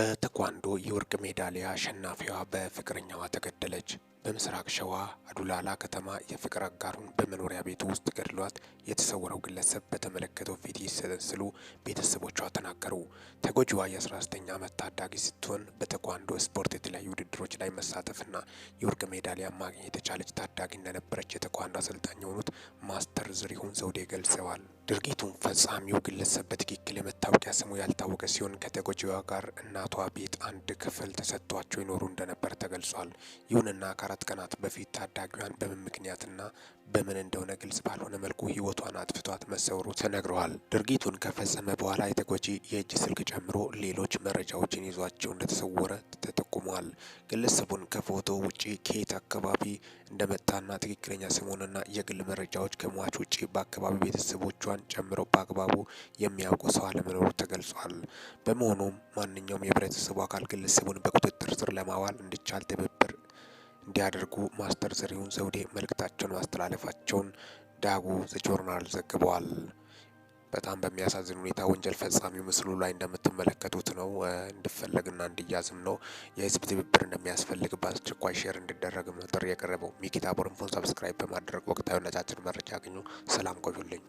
በተኳንዶ የወርቅ ሜዳሊያ አሸናፊዋ በፍቅረኛዋ ተገደለች። በምስራቅ ሸዋ ዱላላ ከተማ የፍቅር አጋሩን በመኖሪያ ቤቱ ውስጥ ገድሏት የተሰወረው ግለሰብ በተመለከተው ፊት ሲሰለስሉ ቤተሰቦቿ ተናገሩ። ተጎጂዋ የ19 ዓመት ታዳጊ ስትሆን በተኳንዶ ስፖርት የተለያዩ ውድድሮች ላይ መሳተፍና የወርቅ ሜዳሊያ ማግኘት የተቻለች ታዳጊ እንደነበረች የተኳንዶ አሰልጣኝ የሆኑት ማስተር ዝሪሁን ዘውዴ ገልጸዋል። ድርጊቱን ፈጻሚው ግለሰብ በትክክል የመታወቂያ ስሙ ያልታወቀ ሲሆን ከተጎጂዋ ጋር እናቷ ቤት አንድ ክፍል ተሰጥቷቸው ይኖሩ እንደነበር ተገልጿል። ይሁንና ከአራት ቀናት በፊት ታዳጊ አድራጊዋን በምን ምክንያትና በምን እንደሆነ ግልጽ ባልሆነ መልኩ ህይወቷን አጥፍቷት መሰወሩ ተነግረዋል። ድርጊቱን ከፈጸመ በኋላ የተጎጂ የእጅ ስልክ ጨምሮ ሌሎች መረጃዎችን ይዟቸው እንደተሰወረ ተጠቁሟል። ግለሰቡን ከፎቶ ውጪ ከየት አካባቢ እንደመጣና ትክክለኛ ስሙንና የግል መረጃዎች ከሟች ውጪ በአካባቢ ቤተሰቦቿን ጨምሮ በአግባቡ የሚያውቁ ሰው አለመኖሩ ተገልጿል። በመሆኑም ማንኛውም የህብረተሰቡ አካል ግለሰቡን በቁጥጥር ስር ለማዋል እንዲቻል ትብብር እንዲያደርጉ ማስተር ዘሪሁን ዘውዴ መልእክታቸውን ማስተላለፋቸውን ዳጉ ዘጆርናል ዘግበዋል። በጣም በሚያሳዝን ሁኔታ ወንጀል ፈጻሚው ምስሉ ላይ እንደምትመለከቱት ነው። እንድፈለግና እንድያዝም ነው የህዝብ ትብብር እንደሚያስፈልግ በአስቸኳይ ሼር እንዲደረግም ጥሪ የቀረበው። ሚኪታቦር ሰብስክራይብ በማድረግ ወቅታዊ ነጫጭር መረጃ ያገኙ። ሰላም ቆዩልኝ።